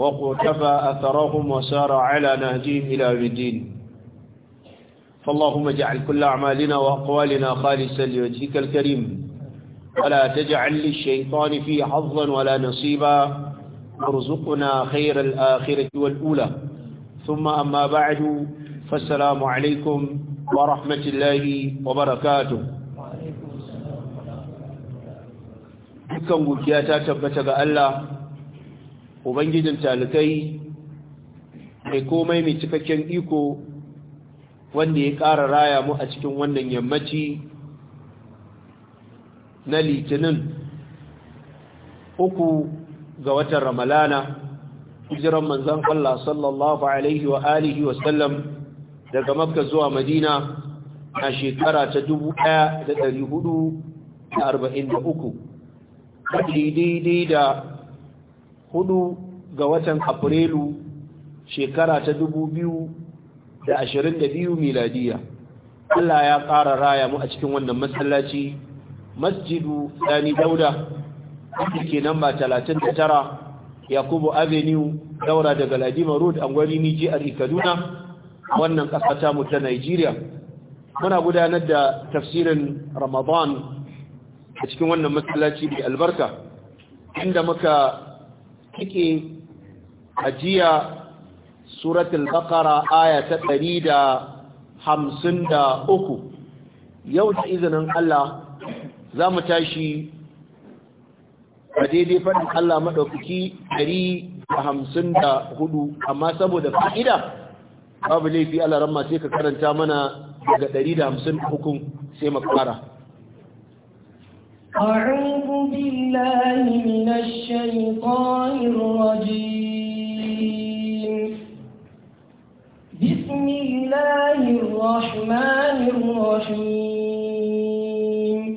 وقتفى أثرهم وسار على نهجهم إلى الدين فاللهم اجعل كل أعمالنا وأقوالنا خالصا لوجهك الكريم ولا تجعل للشيطان فيه حظا ولا نصيبا وارزقنا خير الآخرة والأولى ثم أما بعد فالسلام عليكم ورحمة الله وبركاته وعليكم السلام ورحمة الله وبركاته ubangijin talikai mai komai mai cikakken iko wanda ya ƙara raya mu a cikin wannan yammaci na litinin uku ga watan ramalana hijiran manzan Allah sallallahu alaihi wa alihi wa sallam daga makka zuwa madina a shekara ta dubu ɗaya da da ɗari hudu arba'in uku, daidai da hudu ga watan afrilu shekara ta dubu biyu da ashirin da biyu miladiya Allah ya ƙara raya mu a cikin wannan masallaci masjidu sani dauda wanda ke nan ba talatin da tara yakubu avenue daura daga ladima road an gwani niji a kaduna wannan ƙasa ta mu ta nigeria muna gudanar da tafsirin ramadan a cikin wannan masallaci mai albarka inda muka take ajiya suratul baqara aya ta 153 yau da izinin Allah za mu tashi a daidai faɗin Allah maɗaukaki 154 amma saboda fa'ida babu laifi Allah ramma sai ka karanta mana daga 153 sai mu fara أعوذ بالله من الشيطان الرجيم بسم الله الرحمن الرحيم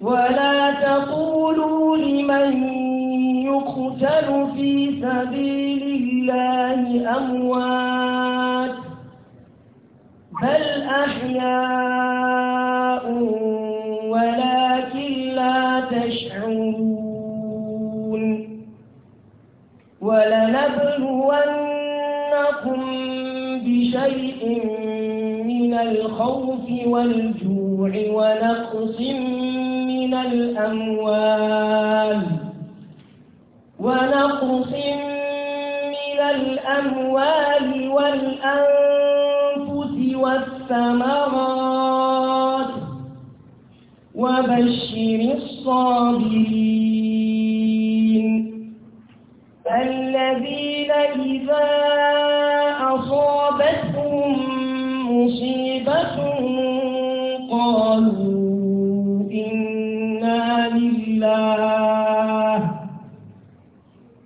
ولا تقولوا لمن يقتل في سبيل الله أموات بل أحياء يعملون ولنبلونكم بشيء من الخوف والجوع ونقص من الأموال ونقص من الأموال والأنفس والثمرات وبشر الصابرين الذين إذا أصابتهم مصيبة قالوا إنا لله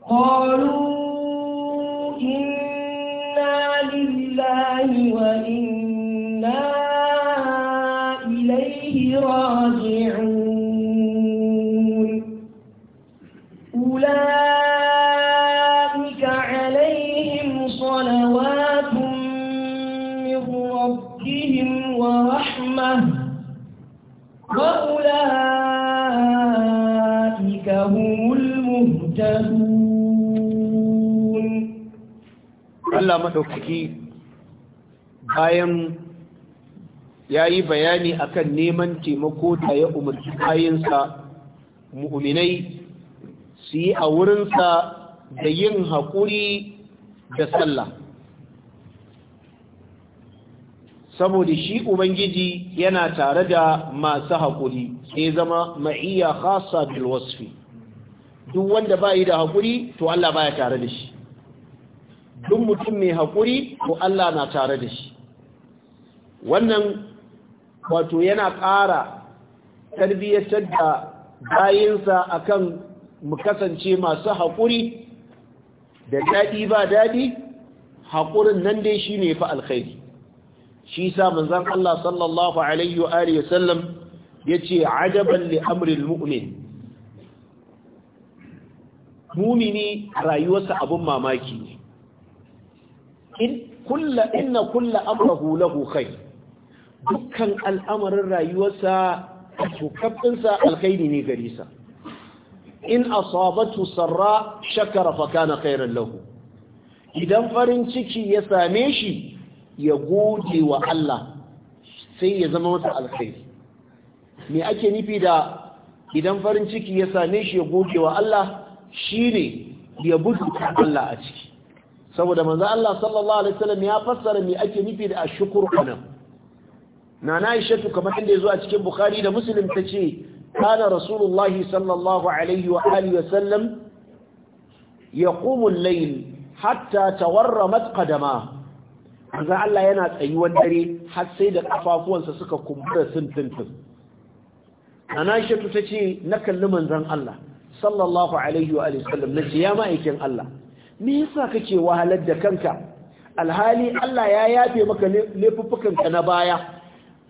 قالوا إنا لله وإنا مهتدون Allah bayan ya yi bayani akan neman taimako da ya umarci kayansa mu'uminai su yi a wurinsa da yin haƙuri da sallah saboda shi ubangiji yana tare da masu haƙuri sai zama ma'iyya khasa bil wasfi duk wanda ba da haƙuri to Allah baya tare da shi duk mutum mai haƙuri to Allah na tare da shi wannan wato yana ƙara tarbiyyatar da bayinsa akan mu kasance masu haƙuri da daɗi ba daɗi haƙurin nan dai shi ne fa alkhairi shi sa manzan Allah sallallahu alaihi wa sallam ya ce ajaban li amril mu'min mumini rayuwarsa abin mamaki ne in inna kulla amrahu lahu kai, dukkan al'amarin rayuwarsa tukabbinsa alkhairi ne gari sa in asabatu sarra shakara fa kana lahu idan farin ciki ya same shi ya gode wa Allah sai ya zama masa alkhairi me ake nufi da idan farin ciki ya same shi ya gode wa Allah shine ya budu Allah a ciki saboda manzo Allah sallallahu alaihi wasallam ya fassara me ake nufi da ashkuru anan nana Aisha kamar inda yazo a cikin Bukhari da Muslim tace kana rasulullahi sallallahu alaihi wa alihi wasallam yaqumu al-layl hatta tawarramat qadama manzo Allah yana tsayuwar dare har sai da kafafuwansa suka kumbura sun tuntun nana Aisha tace na kalli manzon Allah sallallahu alaihi wa sallam na ya ma'aikin Allah me yasa kake wahalar da kanka alhali Allah ya yafe maka laifuffukanka na baya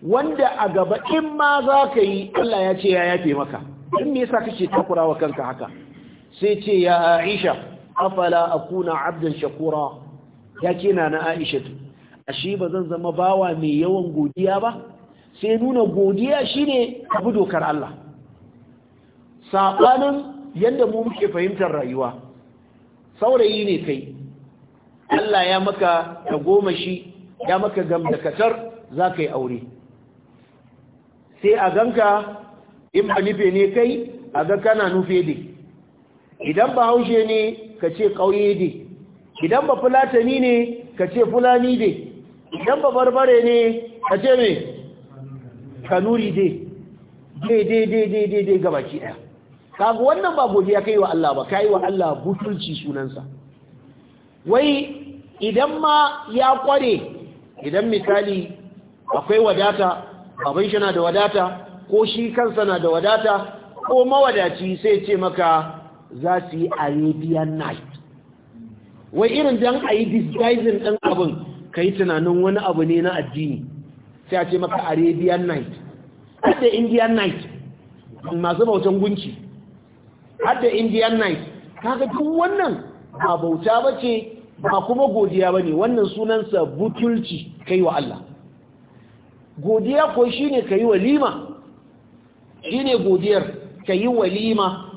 wanda a gaba in ma za yi Allah ya ce ya yafe maka in me yasa kake takurawa kanka haka sai ce ya Aisha afala akuna abdan shakura ya kina na Aisha ashe ba zan zama bawa mai yawan godiya ba sai nuna godiya shine abu dokar Allah sabanin yadda mu muke fahimtar rayuwa saurayi ne kai Allah ya maka ta goma shi ya maka gamdakatar za ka yi aure sai a ganka in ba nufe ne kai a ga kana nufe ne idan ba haushe ne ka ce ƙauye ne idan ba fulatani ne ka ce fulani ne idan ba barbare ne ka ce mai kanuri dai dai dai dai gabaki ɗaya kaga wannan ba godiya kai wa Allah ba kai wa Allah butulci sunansa wai idan ma ya kware idan misali akwai wadata baban shi na da wadata ko shi kansa na da wadata ko mawadaci sai ce maka za su yi arabian night wai irin dan a yi disguising ɗin abin ka yi tunanin wani abu ne na addini sai a ce maka arabian night da indian night masu bautan gunki har da indian night kaga duk wannan ba bauta ba ce ba kuma godiya ba ne wannan sunansa butulci kai wa Allah godiya ko shi ne ka yi walima shi ne godiyar ka yi walima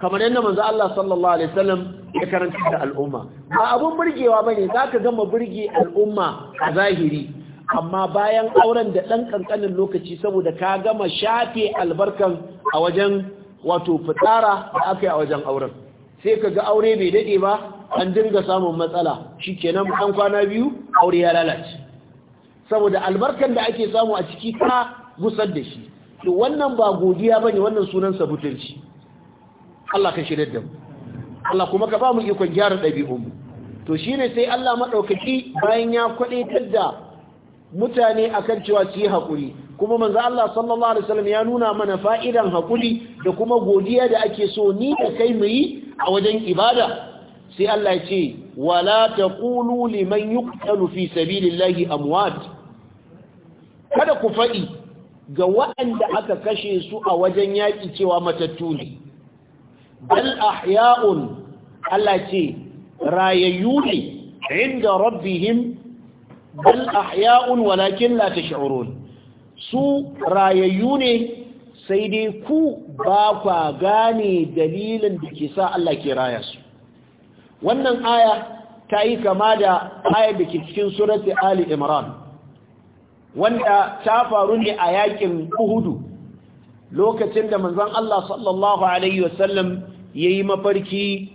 kamar yadda manzo Allah sallallahu alaihi wasallam ya karanta da al'umma ba abun burgewa bane zaka gama burge al'umma a zahiri amma bayan auren da dan kankanin lokaci saboda ka gama shafe albarkan a wajen wato fitsara da aka yi a wajen auren sai ka ga aure bai daɗe ba an dinga samun matsala shi nan kwana biyu aure ya lalace saboda albarkar da ake samu a ciki ta gusar da shi to wannan ba godiya bane wannan sunan butulci Allah ka shirye da mu Allah kuma ka ba mu ikon gyara ɗabi'unmu to shine sai Allah maɗaukaki bayan ya kwaɗaitar da mutane akan cewa su yi haƙuri kuma manzo Allah sallallahu alaihi wasallam ya nuna mana fa'idan haƙuri da kuma godiya da ake so ni da kai mu yi a wajen ibada sai Allah ya ce wala taqulu liman yuqtalu fi sabilillahi amwat kada ku faɗi ga waɗanda aka kashe su a wajen yaƙi cewa matattu ne bal ahya'un Allah ce rayayyu ne inda rabbihim bal ahya'un walakin la tash'urun su rayayyu ne sai dai ku ba kwa gane dalilin da ke sa Allah ke raya su wannan aya ta yi kama da Aya da ke cikin surati Ali Imran wanda ta faru ne a yakin Uhudu lokacin da manzon Allah sallallahu alaihi wasallam yayi mafarki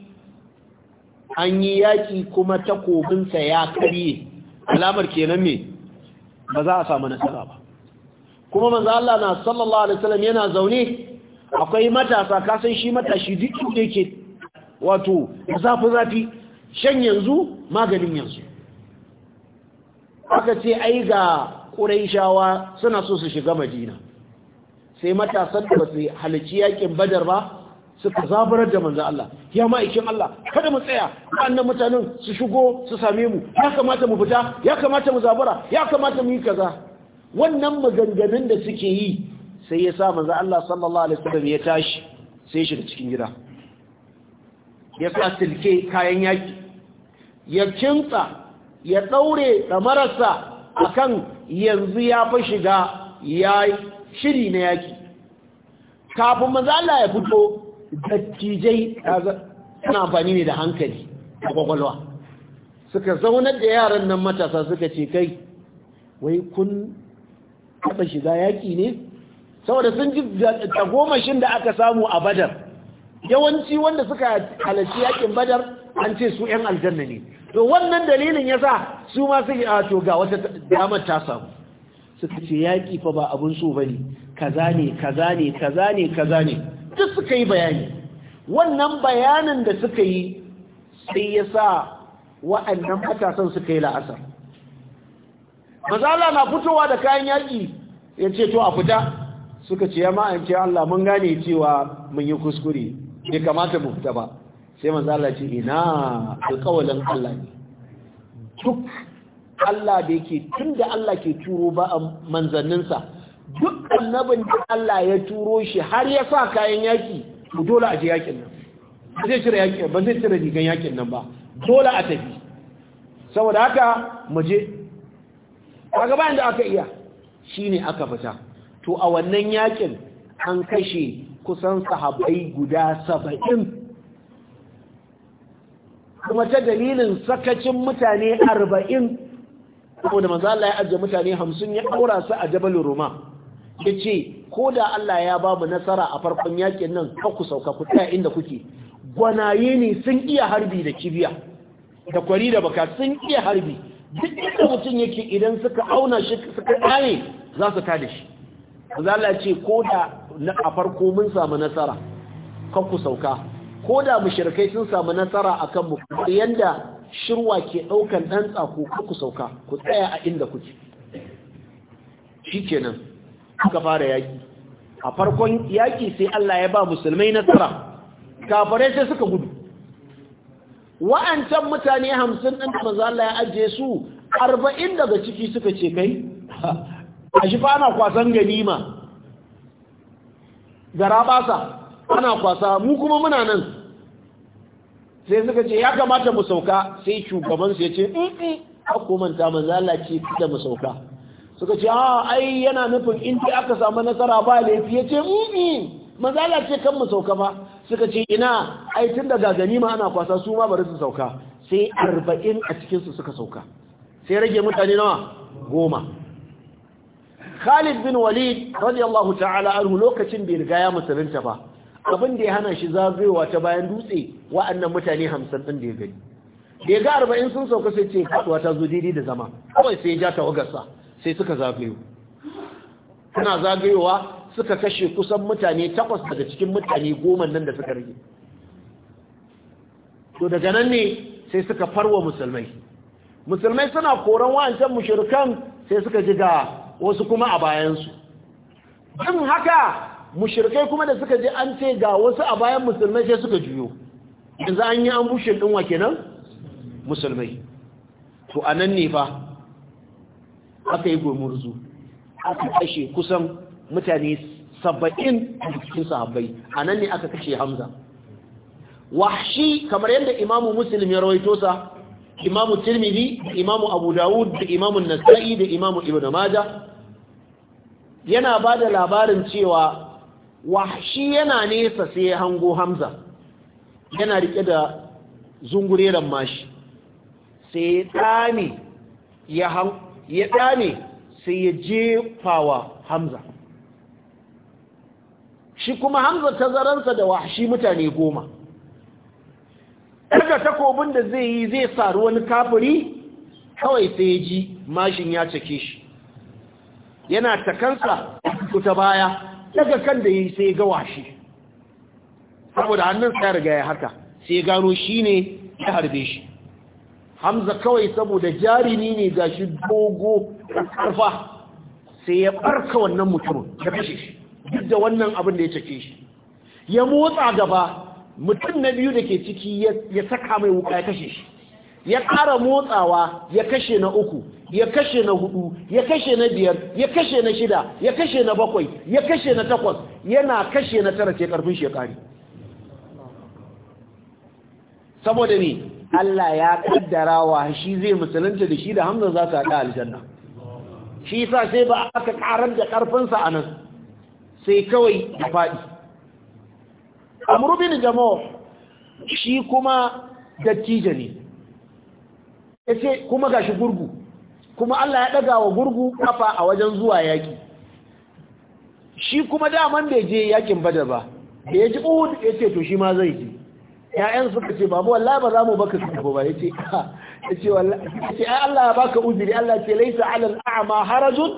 an yi yaki kuma takobinsa ya karye alamar kenan me ba za a samu nasara ba kuma manzo Allah na sallallahu alaihi wasallam yana zaune akwai matasa ka san shi matashi duk da yake wato zafi zafi shan yanzu maganin yanzu aka ce ai ga ƙuraishawa suna so su shiga madina sai matasan da ba su halarci yakin badar ba suka zabarar da manzan Allah ya ma'aikin Allah kada mu tsaya wannan mutanen su shigo su same mu ya kamata mu fita ya kamata mu zabara ya kamata mu yi kaza wannan maganganun da suke yi sai ya sa manzan Allah sallallahu alaihi wasallam ya tashi sai shi cikin gida ya sa silke kayan yaki ya kinsa ya daure marasa akan yanzu ya fa shiga ya shiri na yaki kafin manzan Allah ya fito dattijai suna amfani ne da hankali a kwakwalwa suka zaunar da yaran nan matasa suka ce kai wai kun taɓa shiga yaƙi ne saboda sun ji tagomashin da aka samu a badar yawanci wanda suka halarci yaƙin badar an ce su 'yan aljanna ne to wannan dalilin ya sa su ma su a to ga wata damar ta samu suka ce yaƙi fa ba abin so ba ne kaza ne kaza ne kaza ne kaza ne duk suka yi bayani wannan bayanin da suka yi sai ya sa wa'annan matasan suka yi la'asar mazala na fitowa da kayan yaƙi ya ce to a fita suka ce ya ma'ance Allah mun gane cewa mun yi kuskure bai kamata mu fita ba sai mazala ce ina alƙawalin Allah ne duk Allah da yake tun da Allah ke turo ba a manzanninsa duk annabin da Allah ya turo shi har ya sa kayan yaki to dole a je yakin nan ba zai cire yakin ba zai cire rigan yakin nan ba dole a tafi saboda haka mu je kaga ba inda aka iya shine aka fita to a wannan yakin an kashe kusan sahabbai guda saba'in kuma ta dalilin sakacin mutane arba'in saboda maza Allah ya ajiye mutane hamsin ya aura su a jabalin Roma ya ce ko da Allah ya ba mu nasara a farkon yakin nan ka ku sauka ku tsaya inda kuke gwanaye ne sun iya harbi da kibiya da kwari da baka sun iya harbi duk inda mutum yake idan suka auna shi suka kare za su tada shi Allah ce ko da a farko mun samu nasara ka ku sauka ko da mushrikai sun samu nasara akan mu yanda shirwa ke ɗaukan dan tsako ku sauka ku tsaya a inda kuke shikenan Suka fara yaki a farkon yaƙi sai Allah ya ba musulmai nasara kafirai sai suka gudu wa'ancan mutane hamsin ɗin da manzo Allah ya ajiye su arba'in daga ciki suka ce kai a shi fa ana kwasan ganima gara basa ana kwasa mu kuma muna nan sai suka ce ya kamata mu sauka sai shugabansu ya ce in mm, mm, ko manta manzo Allah ce da mu sauka suka ce a ah, ai yana nufin in dai aka samu nasara ba laifi ya ce mimi mazala ce kan mu sauka ba suka ce ina ai tun daga ma ana kwasa su ma bari su sauka sai arba'in a cikinsu suka sauka sai rage mutane nawa goma Khalid bin Walid radiyallahu ta'ala anhu lokacin bai riga ya musulunta ba abin da ya hana shi zagayowa ta bayan dutse wa'annan mutane hamsin ɗin da ya gani da ga arba'in sun sauka sai ce kaɗuwa ta zo daidai da zama kawai sai ya ja tawagarsa sai suka zagayo suna zagayowa suka kashe kusan mutane takwas daga cikin mutane goma nan da suka rage to daga nan ne sai suka farwa musulmai musulmai suna koran wa'ancan mushirkan sai suka ji ga wasu kuma a bayansu din haka mushirkai kuma da suka ji an ce ga wasu a bayan musulmai sai suka juyo yanzu an yi ambushin ɗin wa kenan musulmai to anan ne fa aka yi gumurzu aka kashe kusan mutane saba'in a cikin sahabbai a nan ne aka kashe hamza wahshi kamar yadda imamu musulmi ya rawaito sa imamu tirmidhi da imamu abu dawud da imamu nasa'i da imamu ibn majah yana ba da labarin cewa wahshi yana nesa sai hango hamza yana rike da zungureren mashi sai tsami ya ya ɗane sai ya jefawa hamza shi kuma hamza ta zaransa da wahashi mutane goma daga takobin da zai yi zai saru wani kafiri kawai sai ya ji mashin ya cake shi yana takansa kuta baya daga kan da yi sai ga washi saboda hannun ya riga ya haka sai ya gano shi ne ya harbe shi hamza kawai saboda jarimi ne ga shi dogo karfa sai ya barka wannan mutumin ya kashe shi duk da wannan abin da ya cake shi ya motsa gaba mutum na biyu da ke ciki ya saka mai wuka ya kashe shi ya ƙara motsawa ya kashe na uku ya kashe na hudu ya kashe na biyar ya kashe na shida ya kashe na bakwai ya kashe na takwas yana kashe na tara ce karfin shekari saboda ne Allah ya kaddara wa shi zai musulunta da shi da Hamza za su haɗa aljanna shi sa sai ba aka karar da ƙarfinsa a nan sai kawai ya faɗi amru bin jamo shi kuma dattijo ne Ya ce kuma gashi gurgu kuma Allah ya ɗaga wa gurgu ƙafa a wajen zuwa yaƙi. shi kuma daman bai je yaƙin bada ba da ya ji uhud ya ce to shi ma zai ji ya'yan suka ce babu wallahi ba za mu baka su ba yace ah. yace wallahi ai Allah ya baka uzuri Allah ce laisa 'ala al-a'ma harajun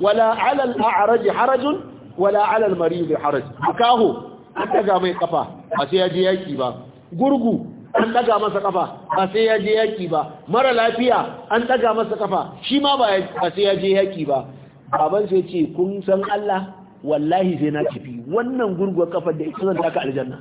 wala 'ala al-a'raj harajun wala 'ala al-marid haraj kaho an daga mai kafa ba sai ya je yaki ba gurgu an daga masa kafa ba sai ya je yaki ba mara lafiya an daga masa kafa shi ma ba sai ya je yaki ba baban sai ce kun san Allah wallahi sai na tafi wannan gurguwar kafar da ita zan taka aljanna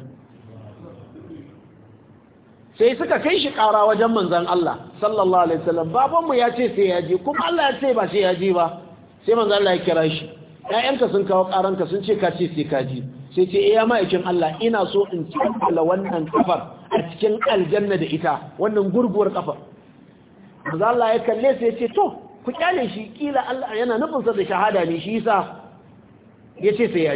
sai suka kai shi kara wajen manzan Allah sallallahu alaihi wasallam babanmu ya ce sai ya je kuma Allah ya ce ba sai ya je ba sai manzan Allah ya kira shi ƴaƴanka sun kawo ƙaranka sun ce ka ce sai ka je sai ce iya eh, ma'aikin Allah ina so in kammala wannan kafar a cikin aljanna da ita wannan gurguwar kafar manzan Allah ya kalle sai ya ce to ku kyale shi kila Allah yana nufin sa da shahada ne shi yasa ya ce sai ya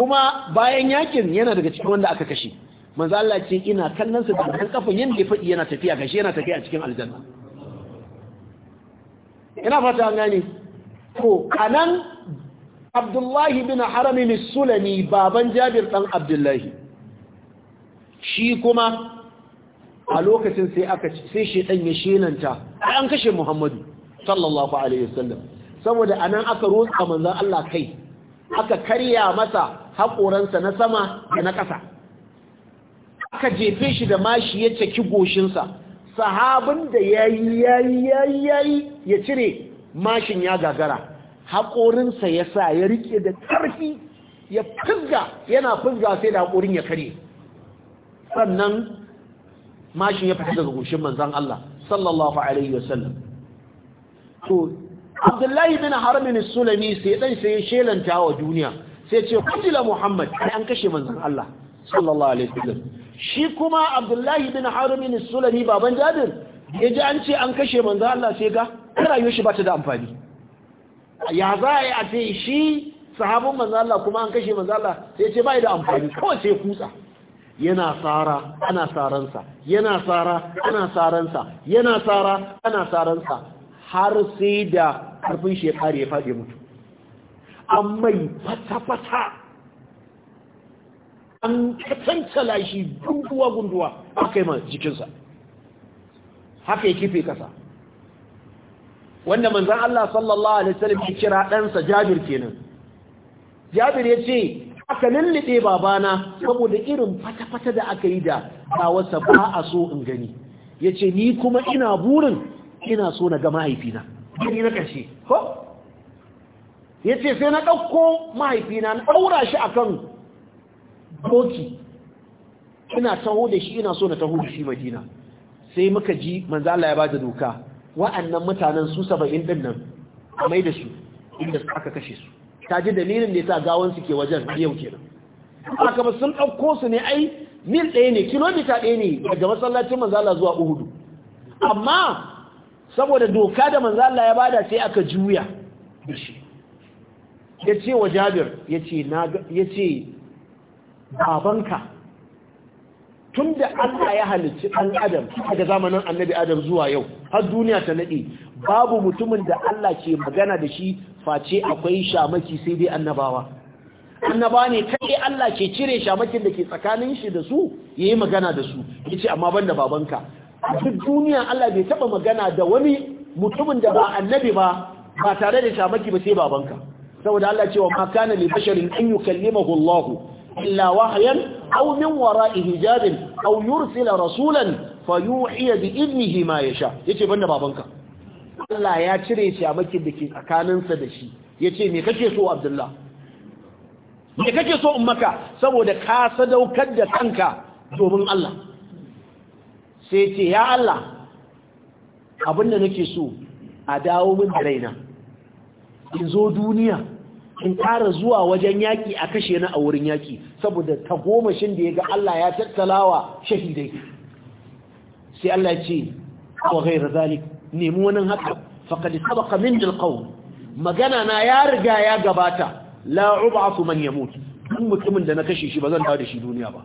kuma bayan yakin yana daga cikin wanda aka kashe manzo Allah ce ina kallon su da kan kafin yin ya fadi yana tafiya gashi yana tafiya cikin aljanna ina fata an gane ko anan Abdullahi bin Haram al-Sulami baban Jabir dan Abdullahi shi kuma a lokacin sai aka sai shedan ya shenanta an kashe Muhammadu sallallahu alaihi wasallam saboda anan aka rotsa manzo Allah kai aka karya masa haƙoransa na sama da na ƙasa aka jefe shi da mashi ya caki goshinsa sahabin da ya yi ya yi ya yi ya cire mashin ya gagara haƙorinsa ya sa ya riƙe da ƙarfi ya fizga yana fizga sai da haƙorin ya kare sannan mashin ya fita daga goshin manzan Allah sallallahu alaihi wasallam to abdullahi bin harbin sulami sai ɗan sai shelanta wa duniya sai ce kutila muhammad an kashe manzan Allah sallallahu alaihi wasallam shi kuma abdullahi bin harumin sulami baban jabir ya ji an ce an kashe manzo Allah sai ga rayuwar shi ba ta da amfani ya za a yi a ce shi sahabin manzo Allah kuma an kashe manzo Allah sai ce bai da amfani kawai sai kutsa yana tsara ana tsaransa yana tsara ana tsaransa yana tsara ana tsaransa har sai da karfin shekara ya faɗi mutu amma fata-fata an kacancala shi gunduwa-gunduwa aka yi ma jikinsa haka ya kife kasa wanda manzan Allah sallallahu Alaihi wasallam ya kira ɗansa jabir kenan jabir ya ce aka lullube babana saboda irin fata-fata da aka yi da bawarsa ba a so in gani ya ce ni kuma ina burin ina so na ga mahaifina gani na ƙarshe ya ce sai na ɗauko mahaifina na ɗaura shi akan doki ina taho da shi ina so na taho da shi madina sai muka ji manzo Allah ya bada doka wa'annan mutanen su 70 din nan a mai da su inda aka kashe su ta ji dalilin da yasa gawan su ke wajen yau kenan aka ba sun dauko su ne ai mil ɗaya ne kilomita ɗaya ne daga masallacin Manzala zuwa Uhudu amma saboda doka da Manzala ya bada sai aka juya da shi yace wa Jabir yace na yace babanka tun da Allah ya halicci ɗan adam daga zamanin annabi adam zuwa yau har duniya ta naɗe babu mutumin da Allah ke magana da shi face akwai shamaki sai dai annabawa annaba ne kai Allah ke cire shamakin da ke tsakanin shi da su yayi magana da su yace amma banda babanka duk duniya Allah bai taba magana da wani mutumin da ba annabi ba ba tare da shamaki ba sai babanka saboda Allah cewa ma kana li basharin an yukallimahu Allahu إلا وحيا أو من وراء هجاب أو يرسل رسولا فيوحي بإذنه ما يشاء يتي بنا بابنك Allah ya cire shi a makin da tsakaninsa da shi Yace me kake so Abdullah me kake so in maka saboda ka sadaukar da kanka domin Allah sai ce ya Allah abinda nake so a dawo min da in zo duniya in ƙara zuwa wajen yaƙi a kashe na a wurin yaƙi saboda tagomashin da ya ga Allah ya tattalawa shahidai sai Allah ce wa ghairu zalik nemi wani haka faqad sabaka min alqawl magana na ya riga ya gabata la ub'athu man yamut kun mutumin da na kashe shi ba zan dawo da shi duniya ba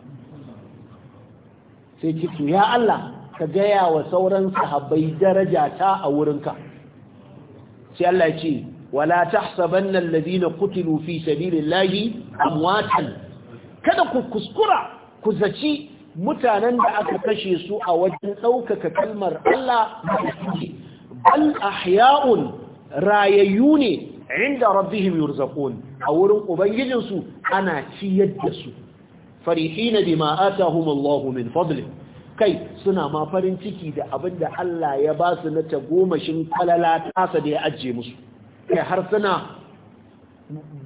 sai kitu ya Allah ka gaya wa sauran sahabbai daraja ta a wurinka sai Allah ya ce wala tahsabanna alladhina qutilu fi sabilillahi amwatan kada ku kuskura ku zaci mutanen da aka kashe su a wajen ɗaukaka kalmar Allah bal ahya'un rayayyu ne inda rabbihim yurzaqun a wurin ubangijin su ana ciyar da su farihina bima atahum Allah min fadli kai suna ma farin ciki da abinda Allah ya basu na tagomashin kalala tasa da ya ajiye musu kai har suna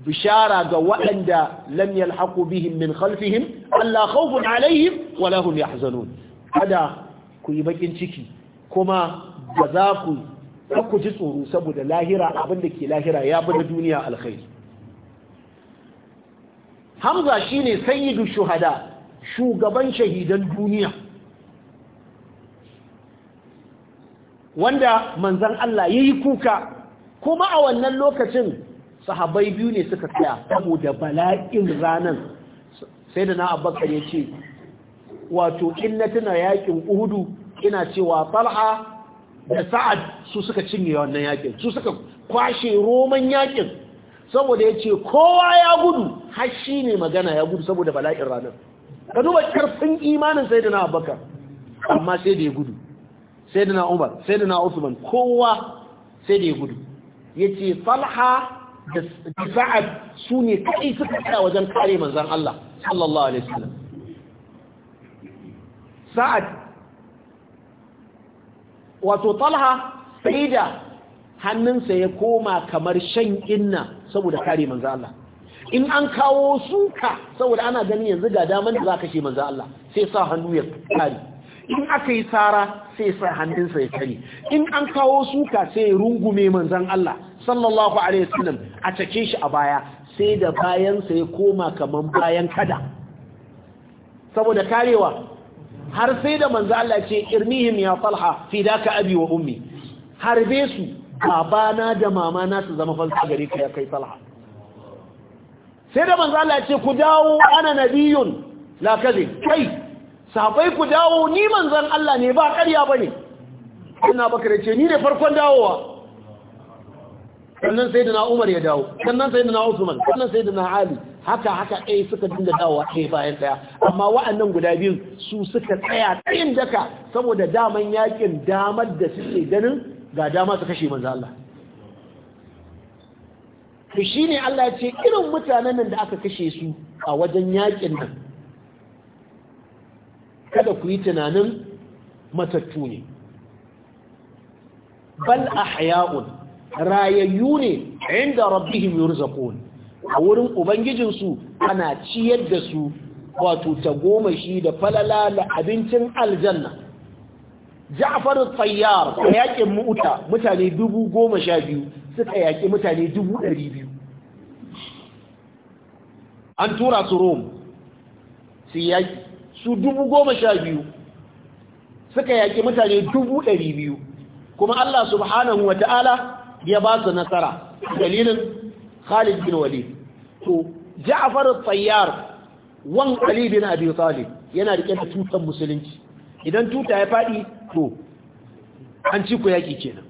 bishara ga waɗanda lam yalhaqu bihim min khalfihim alla khawfun alaihim wala hum yahzanun kada ku yi bakin ciki kuma da za ku ku ji tsoro saboda lahira abin da ke lahira ya bi da duniya alkhairi hamza shine sayyidu shuhada shugaban shahidan duniya wanda manzan Allah ya yi kuka kuma a wannan lokacin sahabai biyu ne suka tsaya saboda bala'in ranar sai da na abakar ya ce wato in na tuna yakin uhudu ina cewa talha da sa'ad su suka cinye wannan yakin su suka kwashe roman yakin saboda ya ce kowa ya gudu har shi ne magana ya gudu saboda bala'in ranar ka duba karfin imanin sai da na abakar amma sai da ya gudu sai da na umar sai da na usman kowa sai da ya gudu yace Talha da Sa'ad su ne kai suka tsaya wajen kare manzan Allah sallallahu alaihi wasallam Sa'ad wato Talha sai da hannunsa ya koma kamar shan inna saboda kare manzan Allah in an kawo suka saboda ana ganin yanzu ga daman da za ka kashe manzan Allah sai sa hannu ya kare in aka yi tsara sai sa hannunsa ya kare in an kawo suka sai rungume manzan Allah sallallahu alaihi wasallam a cake shi a baya sai da bayansa ya koma kaman bayan kada saboda karewa har sai da manzan Allah ce irmihim ya falha, talha fidaka abi wa ummi harbe su babana da mamana su zama fansa gare ka ya kai talha sai da manzan Allah ce ku dawo ana nabiyun la kai safai ku dawo ni manzan Allah ne ba ƙarya bane ina bakar ce ni ne farkon dawowa sannan sai na umar ya dawo sannan sai na usman sannan sai na ali haka haka ɗaya suka dinga dawowa ɗaya bayan ɗaya amma wa'annan guda biyun su suka tsaya tsayin daka saboda daman yakin damar da suke ganin ga dama su kashe manzan Allah shi ne Allah ce irin mutanen nan da aka kashe su a wajen yakin nan kada ku yi tunanin matattu ne bal ahya'un rayayyu ne inda rabbihim yurzaqun a wurin ubangijinsu ana ciyar da su wato ta goma shi da falala da abincin aljanna Ja'far Tsayyar a yakin Mu'uta mutane dubu goma sha biyu suka yaki mutane dubu ɗari biyu. An tura su Rome su yaki. su dubu goma sha biyu suka yaƙi mutane dubu ɗari biyu kuma Allah subhanahu wa ta'ala ya ba su nasara dalilin Khalid bin Walid to Ja'far Tayyar wan Ali bin Abi Talib yana rike da tutan musulunci idan tuta ya faɗi to an ci ku yaƙi kenan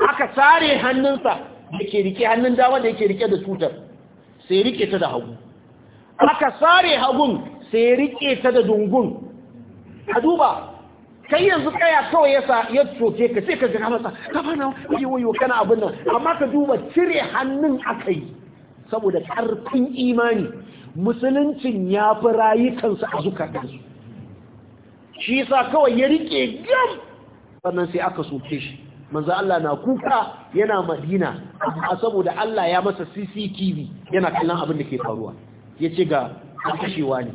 aka sare hannunsa da ke rike hannun dama da ke rike da tutar sai rike ta da hagu aka sare hagun sai ya riƙe ta da dungun a duba kai yanzu kaya kawai yasa ya coke ka sai ka gina masa ka fana yi wayo kana abin nan amma ka duba cire hannun aka yi saboda ƙarfin imani musuluncin ya fi rayukansu a zukatansu shi sa kawai ya riƙe gam sannan sai aka soke shi manzo Allah na kuka yana Madina amma saboda Allah ya masa CCTV yana kallon abin da ke faruwa yace ga kashewa ne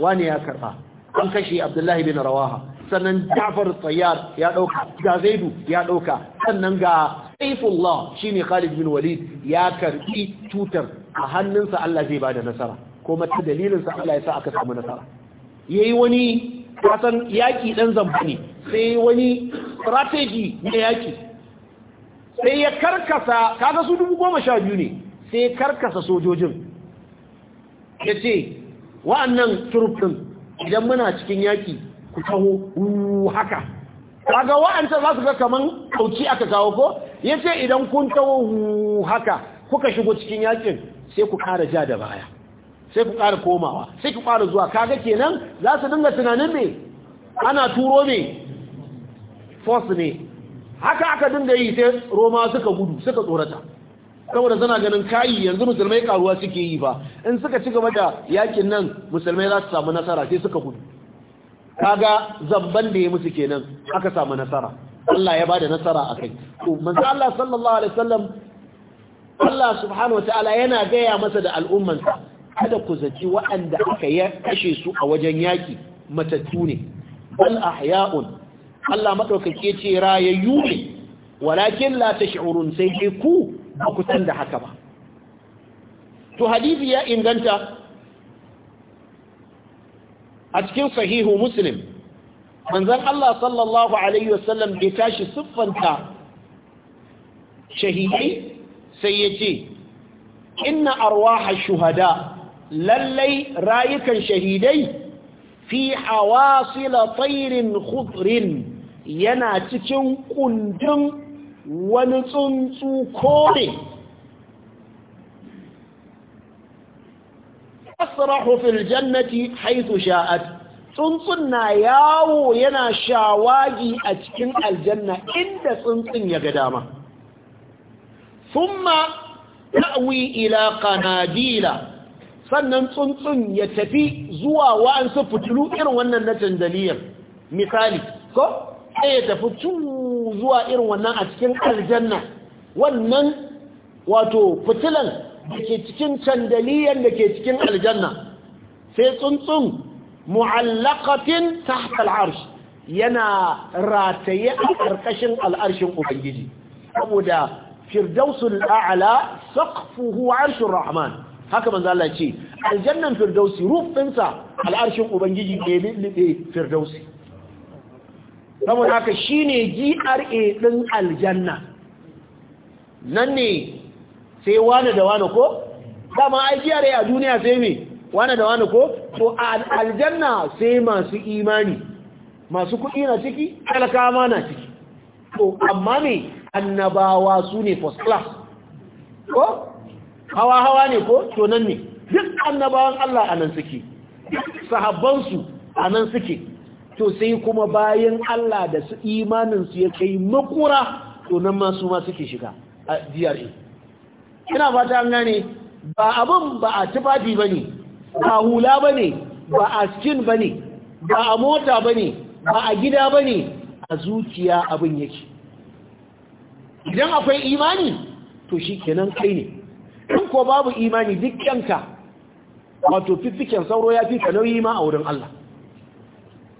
wani ya karba an kashe abdullahi bin rawaha sannan jafar tsayyar ya ɗauka. ga zaidu ya ɗauka. sannan ga saifullah shine khalid bin walid ya karbi tutar a hannunsa Allah zai bada nasara kuma ta dalilinsa Allah ya sa aka samu nasara yayi wani kasan yaki dan zamba ne sai wani strategy na yaki sai ya karkasa kaga su dubu goma sha biyu ne sai ya karkasa sojojin ya ce wa'annan ɗin idan muna cikin yaƙi ku taho haka kaga wa'anta za su ga kamar kauci aka kawo ko yace idan kun taho haka kuka shigo cikin yaƙin sai ku ƙara ja da baya sai ku ƙara komawa sai ku ƙara zuwa kaga kenan za su dinga tunanin me ana turo me force ne haka aka dinga yi sai roma suka gudu suka tsorata saboda suna ganin kayi yanzu musulmai karuwa suke yi ba in suka ci gaba da yakin nan musulmai za su samu nasara sai suka gudu kaga zamban da ya musu kenan aka samu nasara Allah ya bada nasara akai to manzo Allah sallallahu alaihi wasallam Allah subhanahu wataala yana gaya masa da al'ummansa kada ku zaci waɗanda aka ya kashe su a wajen yaki matattu ne bal ahya'un Allah madaukake ce rayayyu ne walakin la tash'urun sai ku ba ku san da haka ba to hadisi ya inganta a cikin sahihu muslim manzon Allah sallallahu alaihi wasallam tashi siffanta shahidai sai ya ce inna arwaha shuhada lallai rayukan shahidai fi hawasila tairin khudrin yana cikin kundin wani tsuntsu kone asrahu fil jannati haythu sha'at tsuntsun na yawo yana shawagi a cikin aljanna inda tsuntsun ya ga dama thumma ta'wi ila qanadila sannan tsuntsun ya tafi zuwa wa'ansu fitilu irin wannan na tandaliyar misali ko sai ya tafi tun zuwa irin wannan a cikin aljanna wannan wato fitilan da ke cikin candaliyan da ke cikin aljanna sai tsuntsun mu'allakafin tahta al'arsh yana rataye a ƙarƙashin al'arshin ubangiji saboda firdausul a'la saqfuhu 'arshur rahman haka manzo Allah ce aljannan firdausi rufinsa al'arshin ubangiji ne ne firdausi saboda haka shine GRA ɗin aljanna nan ne sai wane da wani ko dama ai GRA a duniya sai me wane da wani ko to aljanna sai masu imani masu kuɗi na ciki talakawa na ciki to amma me annabawa su ne first class ko hawa hawa ne ko to nan ne duk annabawan Allah a nan suke sahabbansu a nan suke to sai kuma bayan Allah da su imaninsu ya kai makura to nan masu ma suke shiga a DRA ina fata an gane ba abin ba a tufafi ba ne ba hula ba ba a skin ba ba a mota ba ba a gida ba a zuciya abin yake idan akwai imani to shi kenan kai ne in ko babu imani duk yanka wato fiffiken sauro ya fi ka nauyi ma a wurin Allah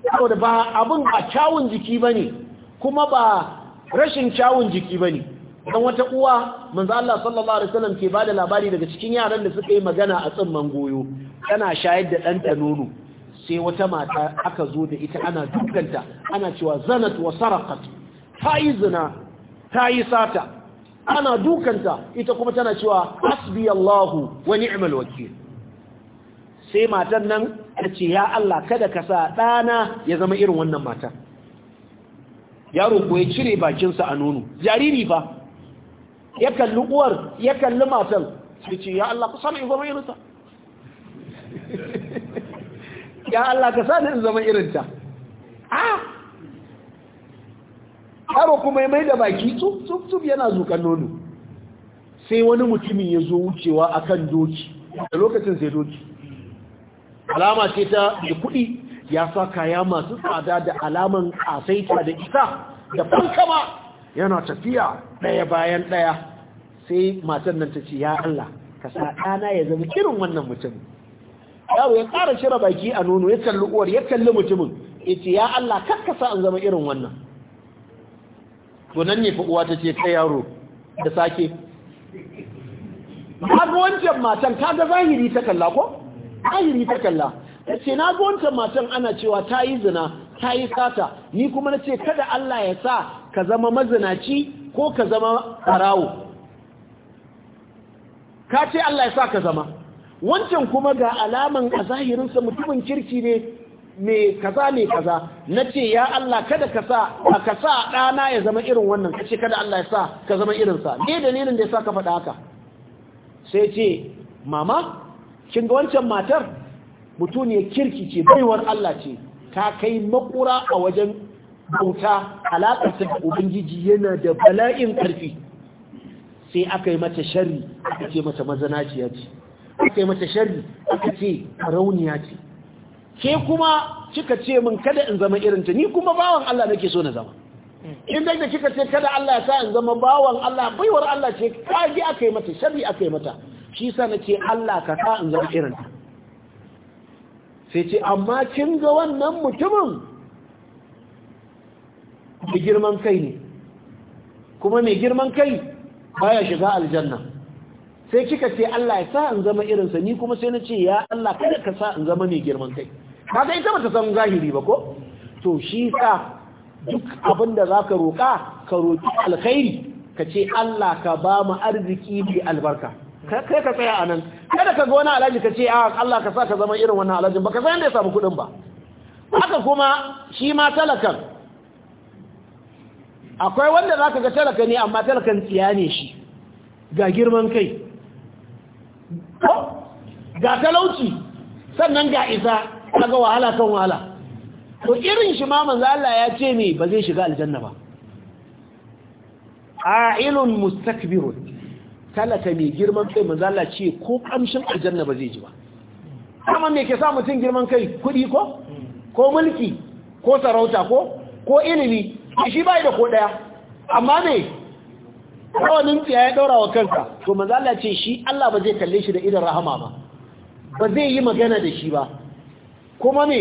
saboda ba abin a kyawun jiki ba ne kuma ba rashin kyawun jiki ba ne don wata uwa manzo Allah sallallahu alaihi wasallam ke bada labari daga cikin yaran da suka yi magana a tsimman goyo tana shayar da ɗanta nono sai wata mata aka zo da ita ana dukanta ana cewa zanat wa sarqat ta yi ta yi sata ana dukanta ita kuma tana cewa hasbiyallahu wa ni'mal wakil sai matan nan ta ce ya Allah kada ka sa ɗana ya zama irin wannan mata yaro ko ya cire bakinsa a nono jariri ba. ya kalli uwar ya kalli matan sai ce ya Allah ka sa ni zama irinta ya Allah ka sa ni zama irinta ah yaro kuma ya mai da baki tsuf tsuf yana zukan nono sai wani mutumin ya zo wucewa akan doki da lokacin sai doki alama ce ta da kuɗi ya sa kaya masu tsada da alaman asaita da isa da fankama yana tafiya ɗaya bayan ɗaya sai matan nan ta ce ya Allah ka sa ɗana ya zama irin wannan mutum!' yaro ya ƙara shira baki a nono ya kalli uwar ya kalli mutumin ya ce ya Allah sa an zama irin wannan to nan ne uwa ta ce ta yaro da sake wancan matan ta ga zahiri ta kalla ko zahiri ta kalla ta na ga wancan matan ana cewa ta yi zina ta yi sata ni kuma na ce kada Allah ya sa ka zama mazinaci ko ka zama ɓarawo ka ce Allah ya sa ka zama wancan kuma ga alaman a zahirinsa mutumin kirki ne mai kaza mai kaza na ce ya Allah kada ka sa a ka sa ɗana ya zama irin wannan ka ce kada Allah ya sa ka zama irinsa ne dalilin da ya sa ka faɗa haka sai ce mama kin ga wancan matar mutuniyar kirki ce baiwar Allah ce ta kai makura a wajen bauta alaƙar ta ubangiji yana da bala'in ƙarfi sai aka yi mata sharri aka ce mata mazanaciya ce aka yi mata sharri aka ce rauniya ce ke kuma kika ce min kada in zama irin ta ni kuma bawan Allah nake so na zama in da kika ce kada Allah ya sa in zama bawan Allah baiwar Allah ce kage aka yi mata sharri aka yi mata shi sa na ce Allah ka sa in zama irin ta sai ce amma kin ga wannan mutumin da girman kai ne kuma mai girman kai baya shiga aljanna sai kika ce Allah ya sa in zama irinsa ni kuma sai na ce ya Allah kada ka sa in zama mai girman kai kaga ita ta san zahiri ba ko to shi sa duk abin da zaka roka ka roki alkhairi ka ce Allah ka ba mu arziki bi albarka kai ka tsaya a nan kada ka ga wani alhaji ka ce a ah, Allah ka sa ka zama irin wannan alhajin ba ka san da ya samu kuɗin ba haka kuma shi ma talakan akwai wanda za ka ga talaka ne amma talakan tsiya ne shi ga girman kai ga talauci sannan ga isa daga wahala kan wahala to irin shi ma manzo Allah ya ce ne ba zai shiga aljanna ba a'ilun mustakbirun talaka mai girman kai manzala ce ko kamshin aljanna ba zai ji ba amma me ke sa mutum girman kai kudi ko ko mulki ko sarauta ko ko ilimi shi bai da ko daya amma me rawanin tsiya ya daura wa kanka to manzala ce shi Allah ba zai kalle shi da idan rahama ba ba zai yi magana da shi ba kuma me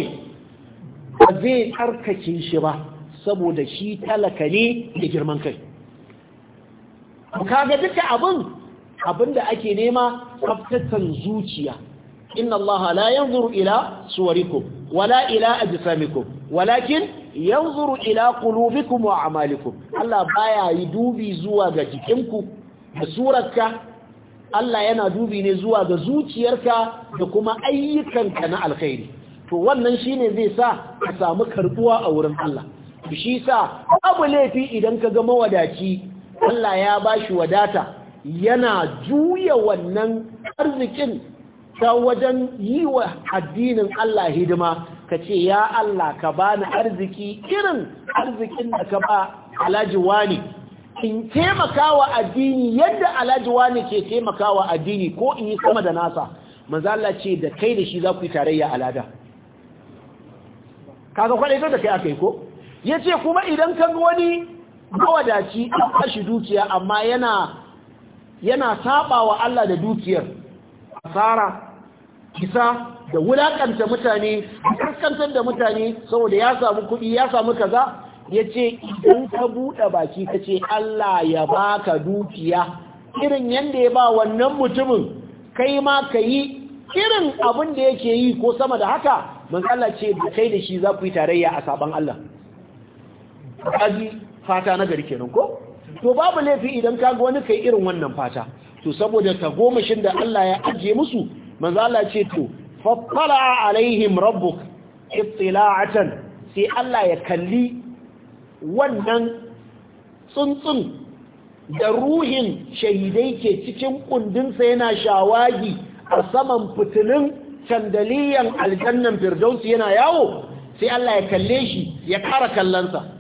ba zai tsarkake shi ba saboda shi talaka ne da girman kai Ka ga duka abin abinda ake nema tsaftatan zuciya inna allaha la yanzuru ila suwarikum wala ila ajsamikum walakin yanzuru ila qulubikum wa a'malikum Allah baya yi dubi zuwa ga jikinku da surarka Allah yana dubi ne zuwa ga zuciyarka da kuma ayyukanka na alkhairi to wannan shine zai sa ka samu karbuwa a wurin Allah shi sa abu laifi idan ka ga mawadaci Allah ya bashi wadata yana juya wannan arzikin ta wajen yi wa addinin Allah hidima ka ce ya Allah ka bani arziki irin arzikin da ka ba alhaji wani in taimakawa addini yadda alhaji wani ke taimakawa addini ko in yi sama da nasa mazala ce da kai da shi za ku yi tarayya alada kaga kwaɗaito da kai aka yi ko ya ce kuma idan kan wani mawadaci a shi dukiya amma yana yana saba wa Allah da dukiyar asara kisa da wulakanta mutane kaskantar da mutane saboda ya samu kuɗi ya samu kaza Ya ce idan ka buɗe baki kace Allah ya baka dukiya irin yanda ya ba wannan mutumin kai ma kayi irin abin da yake yi ko sama da haka man Allah ce da kai da shi za ku yi tarayya a sabon Allah kaji fata na gari kenan ko to babu laifi idan kaga ga wani kai irin wannan fata to saboda ta gomashin da Allah ya ajiye musu manzo Allah ce to fattala alaihim rabbuk ittila'atan sai Allah ya kalli wannan tsuntsun da ruhin shahidai ke cikin kundinsa yana shawagi a saman fitilin candaliyan aljannan firdausi yana yawo sai Allah ya kalle shi ya kara kallonsa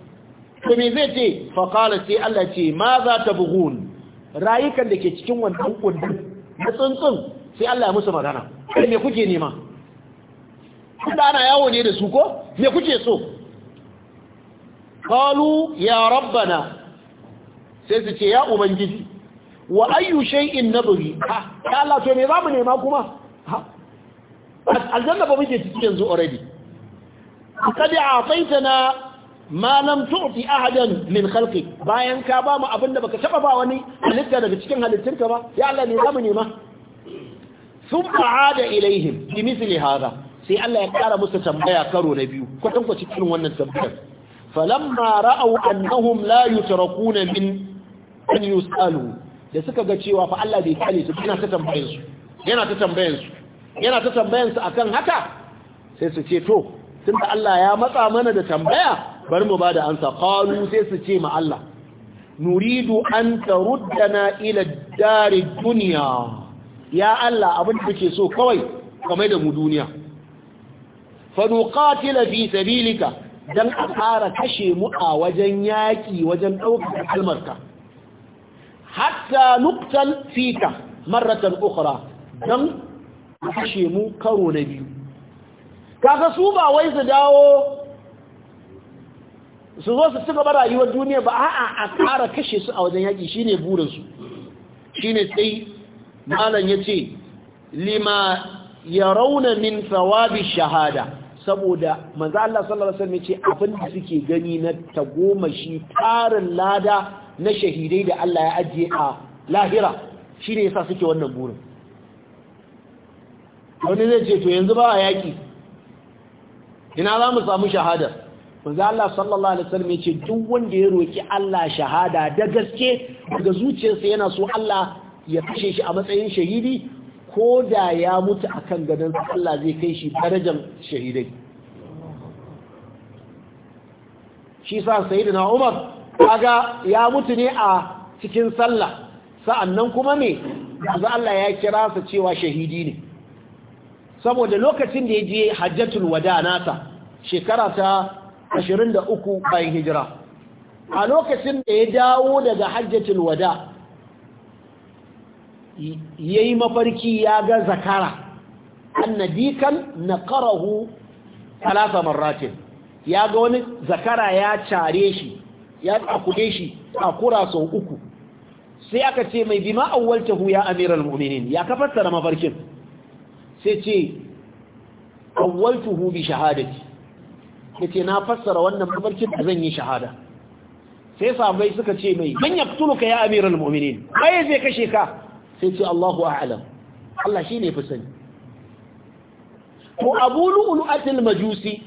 to me zai ce faƙala sai Allah ce ma za ta bugun rayukan da ke cikin wannan kundin na tsuntsun sai Allah ya musu magana me kuke nema kuma ana yawo ne da su ko me kuke so qalu ya rabbana sai su ce ya ubangiji wa ayyu shay'in nabghi ha Allah to me zamu nema kuma ha aljanna ba muke cikin yanzu already a faitana ma lam tu'ti ahadan min khalqi bayan ka ba mu abinda baka taba ba wani halitta daga cikin halittunka ba ya Allah ne zamu nema thumma aada ilaihim bi mithli hadha sai Allah ya kara musu tambaya karo na biyu kwatan kwa cikin wannan tambayar falamma ra'aw annahum la yutrakuna min an yusalu da suka ga cewa fa Allah bai kale su yana ta tambayar su yana ta tambayar su yana ta tambayar su akan haka sai su ce to tunda Allah ya matsa mana da tambaya bar mu bada ansa qalu sai su ce ma Allah nuridu an taruddana ila dari duniya. ya Allah abin da kake so kawai kamar da mu duniya fa nuqatila fi sabilika dan a ƙara kashe mu a wajen yaki wajen ɗaukar kalmarka hatta nuqtal fika marratan ukhra dan kashe mu karo na biyu kaga su ba wai su dawo su zo su cigaba rayuwar duniya ba a'a a ƙara kashe su a wajen yaƙi shine burinsu shine sai malam ya ce lima ya rauna min tsawabi shahada saboda manzo Allah sallallahu alaihi wasallam ya ce abin da suke gani na shi, tarin lada na shahidai da Allah ya ajiye a lahira shine yasa suke wannan burin wani zai ce to yanzu ba a yaƙi ina za mu samu shahadar manzo Allah sallallahu alaihi wasallam yace duk wanda ya roki Allah shahada da gaske daga zuciyarsa yana so Allah ya kashe shi a matsayin shahidi ko da ya mutu akan gadon Allah zai kai shi darajar shahidai shi sa sayyidina Umar kaga ya mutu ne a cikin sallah sa'an nan kuma me manzo Allah ya kira sa cewa shahidi ne saboda lokacin da ya je hajjatul wada nasa shekara ta 23 bayan hijira a lokacin da ya dawo daga hajjacin wada ya yi mafarki ya ga zakara annadikan naqarahu talata marratin ya ga wani zakara ya care shi ya tsakude shi a kura sau uku sai aka ce mai bima Auwaltuhu ya amiral mu'minin ya kafarta na mafarkin sai ce awwaltuhu bi shahadati yace na fassara wannan mafarkin da zan yi shahada sai sahabbai suka ce mai man ka ya amiral mu'minin ai zai kashe ka sai ce Allahu a'lam Allah ne fi sani to Abu atil Majusi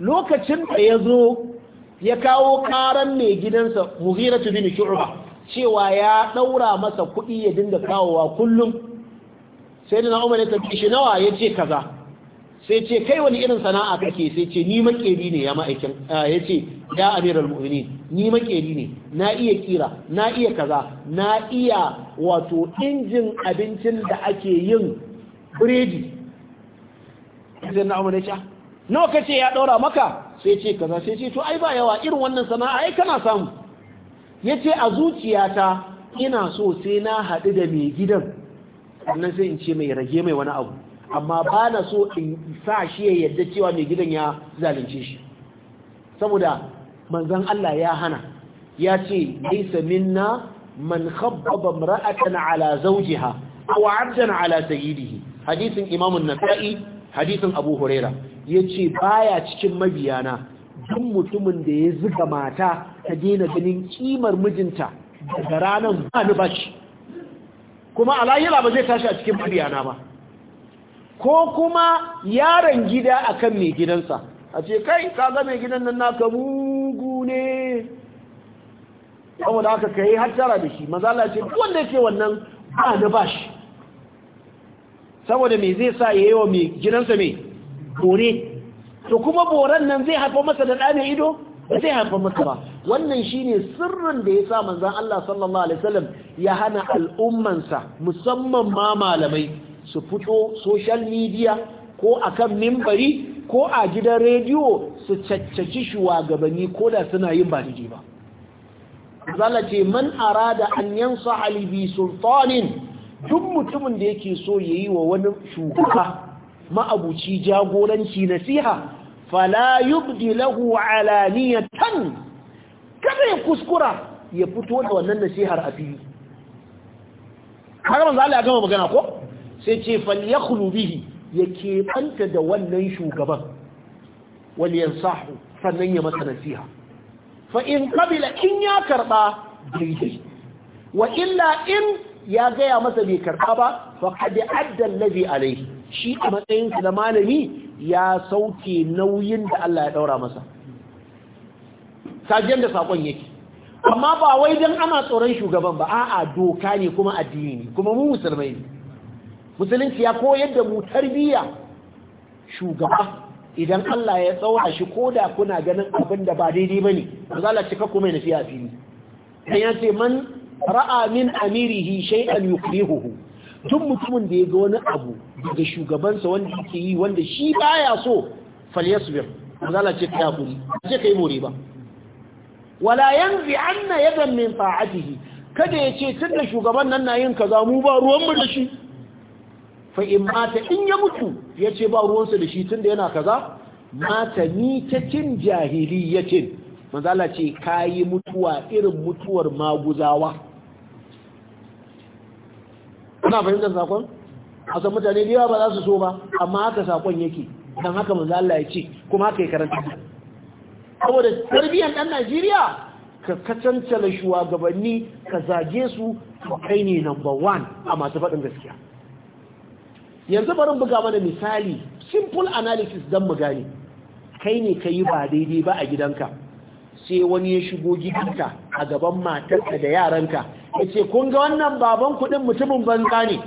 lokacin da ya zo ya kawo karan mai gidansa muhiratu bin Shu'ba cewa ya daura masa kuɗi ya dinga kawowa kullum sai da Umar ya tafi shi nawa ya ce kaza sai ce kai wani irin sana'a kake sai ce ni makeri ne ya ma'aikin ah, ya ce ya amiral mu'mini ni makeri ne na iya kira na iya kaza na iya wato injin abincin da ake yin biredi sai na amurka ce nawa kace ya ɗora maka sai ce kaza sai ce to ai ba yawa irin wannan sana'a ai kana samu yace a zuciyata ina so sai na haɗu da mai gidan sannan sai in ce mai rage mai wani abu amma ba na so in sa shi ya yadda cewa mai gidan ya zalunce shi saboda manzan Allah ya hana ya ce laisa minna man khabbaba imra'atan ala zawjiha aw 'abdan ala sayyidihi hadisin Imam an-Nasa'i hadisin Abu Huraira yace baya cikin mabiyana duk mutumin da ya zuga mata ta daina ganin kimar mijinta daga ranar ba ni bashi kuma alayyala ba zai tashi a cikin mabiyana ba ko kuma yaron gida akan mai gidansa a ce kai kaga mai gidan nan naka mugu ne saboda aka kai hattara da shi mazala ce wanda ke wannan ba na bashi saboda me zai sa ya yi wa mai gidansa mai bore to kuma boran nan zai haifar masa da ɗane ido ba zai haifar masa ba wannan shi ne sirrin da ya sa manzon Allah sallallahu alaihi wasallam ya hana al'ummansa musamman ma malamai su fito social media ko a kan mimbari ko a gidan rediyo su caccaci shugabanni ko da suna yin ba daidai ba zala ce man arada an yansa alibi sultanin duk mutumin da yake so ya yi wa wani shugaba ma'abuci jagoranci nasiha fala yubdi lahu alaniyatan kada ya kuskura ya fito da wannan nasihar a fili har manzo a ya gama magana ko sai ce falyakhlu bihi ya banta da wannan shugaban wal yansahu sannan ya masa nasiha fa in qabila in ya karba daidai wa illa in ya gaya masa bai karba ba fa qad adda alladhi alayhi shi a matsayin sa na malami ya sauke nauyin da Allah ya daura masa sajiyar da sakon yake amma ba wai dan ana tsoron shugaban ba a'a doka ne kuma addini kuma mu musulmai ne musulunci ya koyar da mu tarbiyya shugaba idan Allah ya tsawa shi ko da kuna ganin abin da ba daidai ba ne ba za cika kuma yana a fili dan ya ce man ra'a min amirihi shay'an yukrihuhu tun mutumin da ya ga wani abu daga shugabansa wanda yake yi wanda shi baya so falyasbir ba za a ce ka hakuri ce kai more ba wala yanzi anna yadan min ta'atihi kada ya ce da shugaban nan na yin kaza mu ba ruwan mu da shi fa in mata in ya mutu ya ce ba ruwansa da shi tun da yana kaza mata ni ta cin jahili manzala ce kayi mutuwa irin mutuwar maguzawa kuna fahimtar sakon san mutane da yawa ba za su so ba amma haka sakon yake don haka manzala ya ce kuma haka ya karanta saboda tarbiyyar ɗan najeriya ka kacantala shugabanni ka zage su kai ne number one a masu faɗin gaskiya yanzu barin buga mana misali simple analysis don mu gane kai ne ka yi ba daidai ba a gidanka sai wani ya shigo gidanka a gaban matarka da yaranka ya ce kun ga wannan baban kudin mutumin banza ne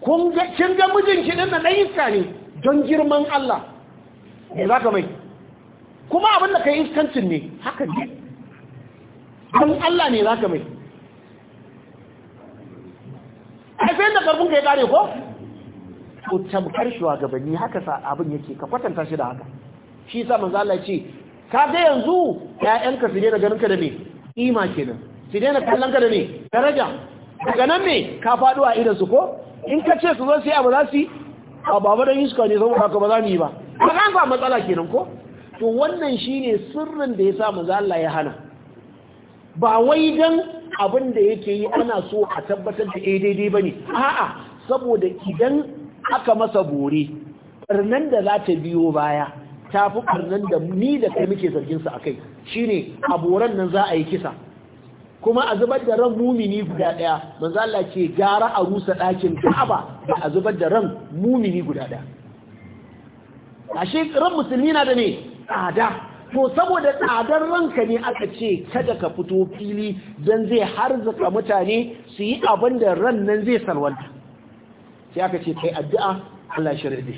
kun ga mijin kiɗin na iska ne don girman Allah ne za ka mai kuma abin da ka yi iskancin ne haka ne don Allah ne za ka mai sai da karfin ka ya kare ko to tamkar gabani haka sa abin yake ka kwatanta shi da haka shi sa manzo Allah ce ka ga yanzu ƴaƴanka su daina ganin ka da me ima kenan su daina kallon ka da me daraja daga nan me ka faɗo a idan su ko in ka ce su zo sai abu za su yi a baba dan iska ne zama haka ba za mu yi ba ba an ba matsala kenan ko to wannan shine sirrin da ya sa manzo Allah ya hana ba wai dan abin da yake yi ana so a tabbatar da eh daidai ba ne a'a saboda idan aka masa bore ƙarnan da za ta biyo baya ta fi ƙarnan da ni da kai muke zarginsa a kai shi ne a boren nan za a yi kisa kuma a zubar da ran mumini guda ɗaya manzo Allah ce gara a rusa ɗakin Ka'aba da a zubar da ran mumini guda ɗaya ashe ran musulmi na da ne tsada to saboda tsadar ranka ne aka ce kada ka fito fili don zai zaka mutane su yi abin da ran nan zai salwanta sai aka ce kai addu'a Allah shirya da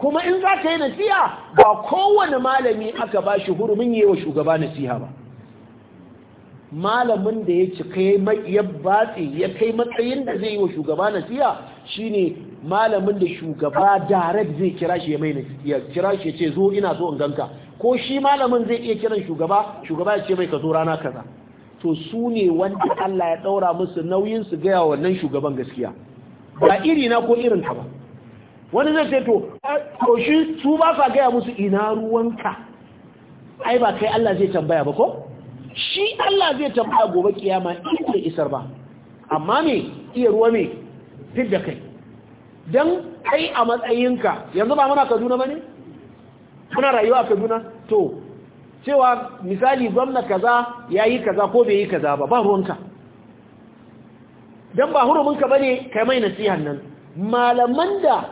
kuma in za ka yi nasiha ba kowane malami aka ba shi hurumin yi wa shugaba nasiha ba malamin da ya kai ya batse ya kai matsayin da zai yi wa shugaba nasiha shine malamin da shugaba direct zai kira shi ya mai nasiha kira shi ya ce zo ina so in ganka ko shi malamin zai iya kiran shugaba shugaba ya ce mai ka zo rana kaza to su ne wanda Allah ya daura musu nauyin su gaya wannan shugaban gaskiya ba iri na ko irin ka ba wani zai ce to to shi su ba sa gaya musu ina ruwanka ai ba kai Allah zai tambaya ba ko shi Allah zai tambaya gobe kiyama in isar ba amma me iya ruwa me fidda kai dan kai a matsayinka yanzu ba muna Kaduna bane muna rayuwa a kaduna to cewa misali gwamna kaza ya yi kaza ko bai yi kaza ba ba ruwanka don ba huruminka ba ne kai mai nasihan nan malaman da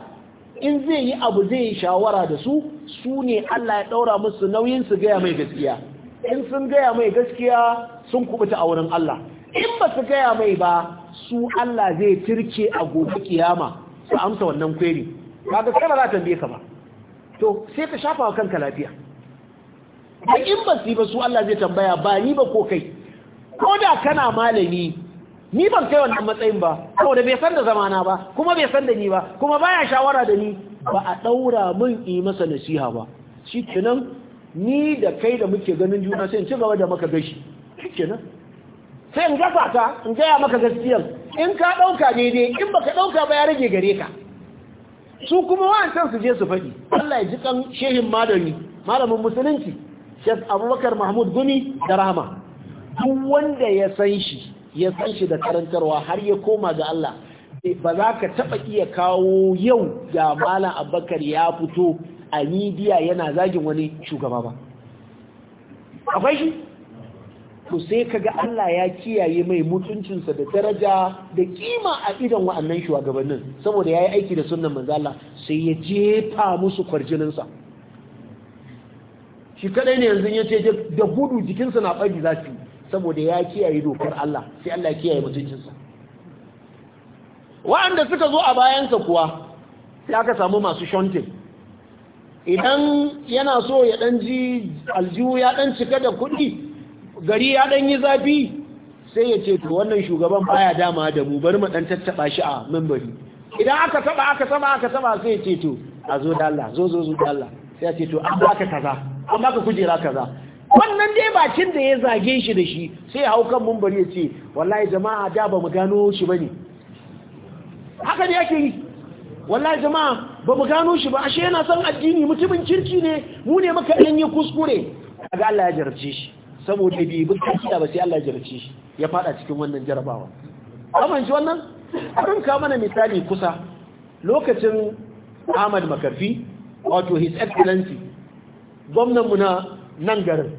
in zai yi abu zai yi shawara da su su ne Allah ya ɗaura musu nauyin su gaya mai gaskiya in sun gaya mai gaskiya sun kubuta a wurin Allah in ba su gaya mai ba su Allah zai turke a gobe kiyama su amsa wannan kweri ga kana za ta biye ka ba to sai ka shafa wa kanka lafiya da in ba su ba su Allah zai tambaya ba ni ba ko kai ko da kana malami ni ban kai wannan matsayin ba da bai san da zamana ba kuma bai san da ni ba kuma baya shawara da ni ba a daura mun yi masa nasiha ba shikenan ni da kai da muke ganin juna sai in ci gaba da maka gashi shikenan sai in gasa ta in gaya maka gaskiyan. in ka dauka daidai in baka dauka ba ya rage gare ka su kuma wa'ancan su je su faɗi Allah ya ji kan shehin madani malamin musulunci Sheikh Abubakar Mahmud Gumi da Rahama duk wanda ya san shi ya san shi da karantarwa har ya koma ga Allah ba za ka taɓa iya kawo yau ga malam Abubakar ya fito a midiya yana zagin wani shugaba ba akwai shi to sai kaga Allah ya kiyaye mai mutuncinsa da daraja da kima a idan wa'annan shugabannin saboda ya yi aiki da sunan manzo Allah sai ya jefa musu kwarjininsa shi kadai ne yanzu ya ce da gudu jikinsa na bari za su saboda ya kiyaye dokar Allah sai Allah ya kiyaye mutuncinsa wa'anda suka zo a bayansa kuwa sai aka samu masu shontin idan yana so ya dan ji aljihu ya dan cika da kuɗi gari ya ɗan yi zafi sai ya ce to wannan shugaban baya dama da mu bari mu ɗan tattaba shi a mimbari idan aka taɓa aka taɓa aka taɓa sai ya ce to a zo da Allah zo zo zo da Allah sai ya ce to an baka kaza an baka kujera kaza wannan dai bakin da ya zage shi da shi sai ya hau kan mimbari ya ce wallahi jama'a da ba mu gano shi bane haka ne yake yi wallahi jama'a ba mu gano shi ba ashe yana son addini mutumin kirki ne mu ne muka ɗan yi kuskure kaga Allah ya jarabce shi saboda bai bi kaciya ba sai Allah ya jarce shi ya fada cikin wannan jarabawa kaman shi wannan abin ka mana misali kusa lokacin Ahmad Makarfi wato his excellency gwamnan mu na nan garin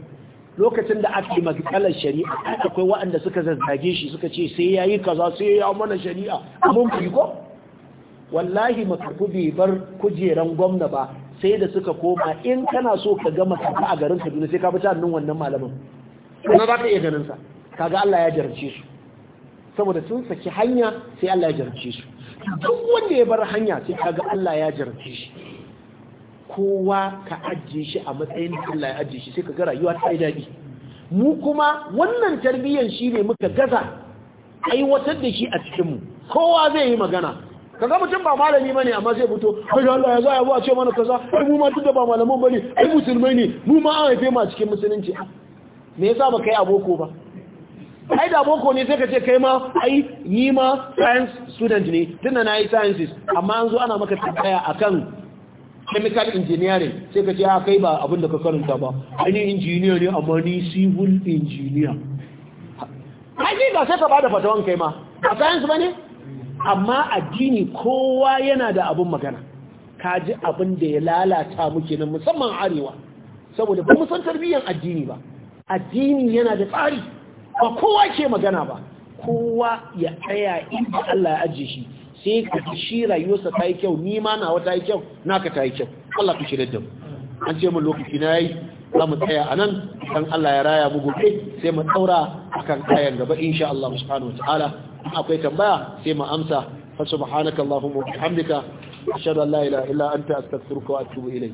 lokacin da aka yi shari'a akwai waɗanda suka zazzage shi suka ce sai yayi kaza sai ya mana shari'a mun fi ko wallahi makarfi bai bar kujeran gwamna ba sai da suka koma in kana so ka gama kafa a garin Kaduna sai ka fita ta hannun wannan malamin kuma za ka iya ganin sa kaga Allah ya jarce su saboda sun saki hanya sai Allah ya jarce su duk wanda ya bar hanya sai kaga Allah ya jarce shi kowa ka ajiye shi a matsayin da Allah ya ajiye shi sai kaga rayuwa ta yi daɗi mu kuma wannan tarbiyyar shi ne muka gaza aiwatar da shi a cikin mu kowa zai yi magana kaga mutum ba malami bane amma zai fito kai Allah ya zaya ba a ce mana kaza ai mu ma duk da ba malaman bane ai musulmai ne mu ma an haife mu a cikin musulunci me yasa ba kai aboko ba ai da aboko ne sai ka ce kai ma ai ni ma science student ne tunda na yi sciences amma zo ana maka tambaya akan chemical engineering sai ka ce a ah, kai ba abin da ka karanta ba ai ni engineer ne amma ni civil engineer ai ni ba sai ka bada fatawan kai ma a science bane amma addini kowa yana da abin magana ka ji abin da ya lalata muke nan musamman arewa saboda ba mu san tarbiyyar addini ba addini yana da tsari ba kowa ke magana ba kowa ya tsaya inda Allah ya ajiye shi sai ka shi rayuwarsa ta yi kyau ni ma na wata yi kyau naka ta yi kyau Allah ku shirye da mu an ce mu lokaci na yayi za mu tsaya a nan Allah ya raya mu gobe sai mu daura akan kayan gaba insha Allah subhanahu wataala in akwai tambaya sai mu amsa fa subhanaka allahumma wa bihamdika ashhadu an la ilaha illa anta astaghfiruka wa atubu ilayk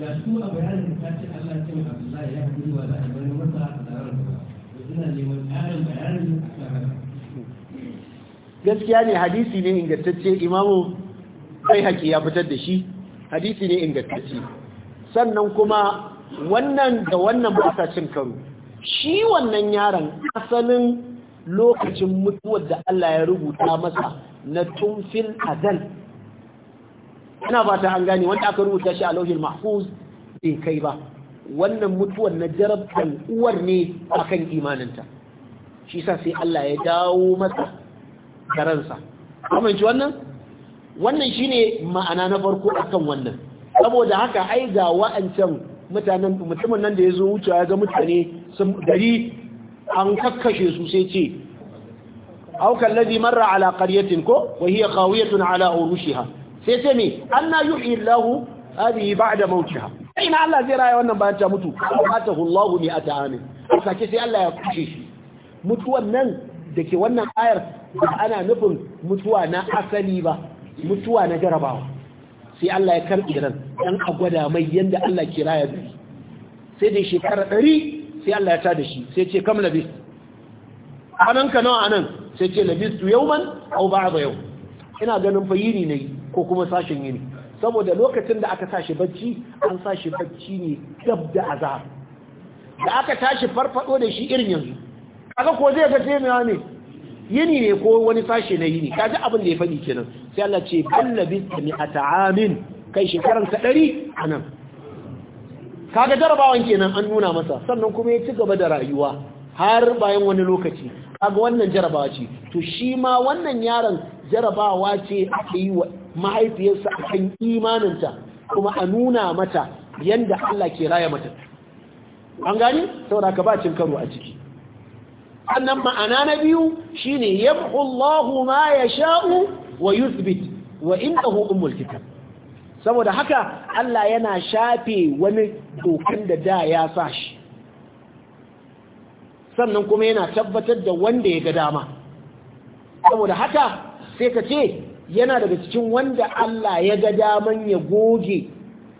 ga shi kuma a bayanin ta ce Allah ce mai Abdullahi ya haɗu wa za a bari masa a tsarar da ina neman ƙarin bayanin a tsarar gaskiya ne hadisi ne ingantacce imamu bai haƙi ya fitar da shi hadisi ne ingantacce sannan kuma wannan da wannan ba sa cin karo shi wannan yaron asalin lokacin mutuwar da Allah ya rubuta masa na tumfil azal Yana ba an gane wanda aka rubuta shi a lauhin mahfuz bai kai ba wannan mutuwar na jarabtan uwar ne akan imaninta shi sa sai Allah ya dawo masa garansa amince wannan wannan shine ma'ana na farko akan wannan saboda haka ai ga wa'ancan mutanen mutumin nan da ya zo wucewa ya ga mutane sun dari an kakkashe su sai ce aukan ladhi marra ala qaryatin ko wa hiya qawiyatun ala urushiha sai ce me anna yuhyi Allah hadhihi ba'da mautiha ina Allah zai raya wannan bayan ta mutu ba ta fatahu Allah bi ata'ami sake sai Allah ya kushe shi mutuwan nan da ke wannan ayar ana nufin mutuwa na asali ba mutuwa na jarabawa sai Allah ya karɓi nan dan a gwada mai yanda Allah ke raya bi sai dai shekara ɗari sai Allah ya da shi sai ce kam labis anan ka nawa anan sai ce labistu yawman aw ba'da yau ina ganin fayiri ne ko kuma sashen yini saboda lokacin da aka tashi bacci an sashi bacci ne gab da azab da aka tashi farfado da shi irin yanzu kaga ko zai ga sai ne yini ne ko wani sashe na yini kaji abin da ya fadi kenan sai Allah ce ballabi ni ata'amin kai shekaran ka 100 anan kaga jarabawan kenan an nuna masa sannan kuma ya ci gaba da rayuwa har bayan wani lokaci kaga wannan jarabawa ce to shi ma wannan yaron jarabawa ce aka yi wa mahaifiyarsa a kan imaninta kuma a nuna mata yadda Allah ke raya mata an gani saboda ka ba cin karo a ciki annan ma'ana na biyu shine yamhu Allahu ma ya sha'u wa yusbit wa inda hukun mulkita. saboda haka Allah yana shafe wani dokan da da ya sa shi sannan kuma yana tabbatar da wanda ya ga dama saboda haka sai ka ce yana daga cikin wanda Allah ya ga daman ya goge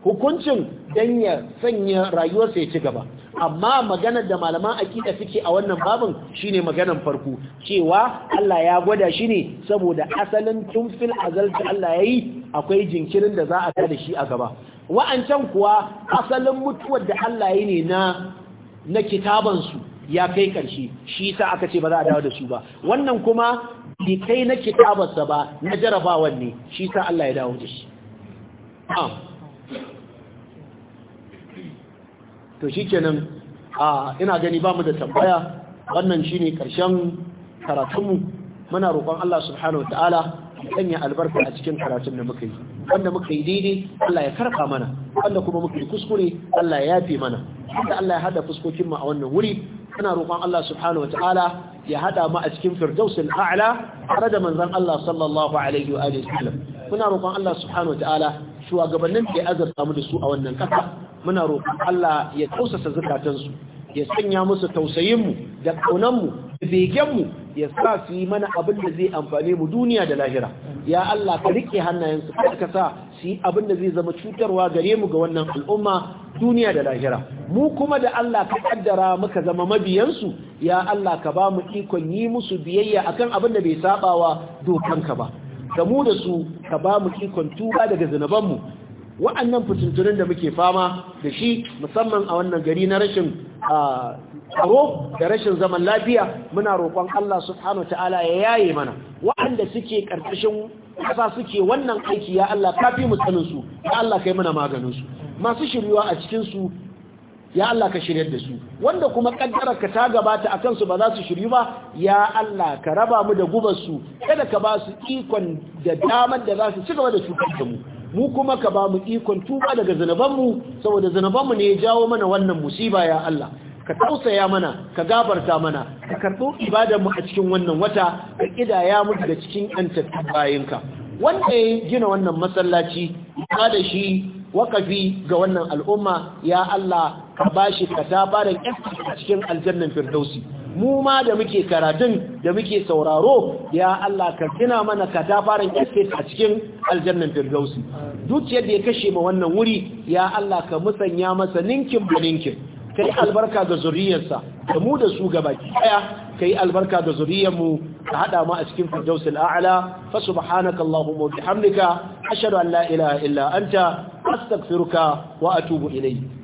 hukuncin don ya sanya rayuwarsa ya ci gaba amma maganar da malaman aƙida suke a wannan babin shine maganar farko cewa Allah ya gwada shi ne saboda asalin tun fil Allah ya yi akwai jinkirin da za a da shi a gaba wa'ancan kuwa asalin mutuwar da Allah ya ne na na kitabansu ya kai ƙarshe shi sa aka ce ba za a dawo da su ba wannan kuma bi kai na kitabarsa ba na jarabawan ne shi sa Allah ya dawo da shi to shi kenan ina gani ba mu da tambaya wannan shi ne ƙarshen karatunmu muna roƙon Allah subhanahu wa ta'ala sanya albarka a cikin karatun da muka yi wanda muka yi daidai Allah ya karɓa mana wanda kuma muka yi kuskure Allah ya yafe mana inda Allah ya hada fuskokin mu a wannan wuri muna roƙon Allah subhanahu ta'ala. ya hada mu a cikin firdausul a'la tare da manzon Allah sallallahu alaihi wa muna roƙon Allah subhanahu wataala shugabannin da ya azurta mu da su a wannan kasa muna roƙon Allah ya tausasa zakatansu ya sanya musu tausayin mu da kaunan mu da begen mu ya sa su yi mana abin da zai amfane mu duniya da lahira ya Allah ka rike hannayen ka sa su yi abin da zai zama cutarwa gare mu ga wannan al'umma duniya da lahira mu kuma da Allah ka kaddara muka zama mabiyansu ya Allah ka ba mu ikon yi musu biyayya akan abin da bai sabawa dokanka ba Ka mu da su ka ba mu ikon tuba daga zanabanmu wa'annan fitinturin da muke fama da shi musamman a wannan gari na rashin tsaro da rashin zaman lafiya muna roƙon Allah subhanahu ta'ala ya yaye mana wa'anda suke karkashin ƙasa suke wannan aiki ya Allah kafi mu tsanin su ya Allah kai mana maganin su masu shiryuwa a cikin su ya Allah ka shirya da su wanda kuma ka ta gabata a kansu ba za su shiryu ba ya Allah ka raba mu da gubar su kada ka ba su ikon da damar da za su ci gaba da cutar da mu mu kuma ka ba mu ikon tuba daga zanaban mu saboda zanaban mu ne ya jawo mana wannan musiba ya Allah ka tausaya mana ka gafarta mana ka karɓo ibadar mu a cikin wannan wata ka kidaya mu daga cikin antattun bayinka wanda ya gina wannan masallaci ya da shi wakafi ga wannan al'umma ya Allah ka bashi katabaran a cikin aljannan firdausi mu ma da muke karatun da muke sauraro ya Allah ka gina mana katabaran estate a cikin aljannan firdausi Duk yadda ya kashe ma wannan wuri ya Allah ka musanya masa ninkin ba ninkin ka yi albarka ga zuriyarsa da mu da su gaba ɗaya ka yi albarka ga zuriyarmu ka haɗa mu a cikin firdausul a'ala fa subhanaka allahumma wa bihamdika ashhadu an la ilaha illa anta astaghfiruka wa atubu ilayk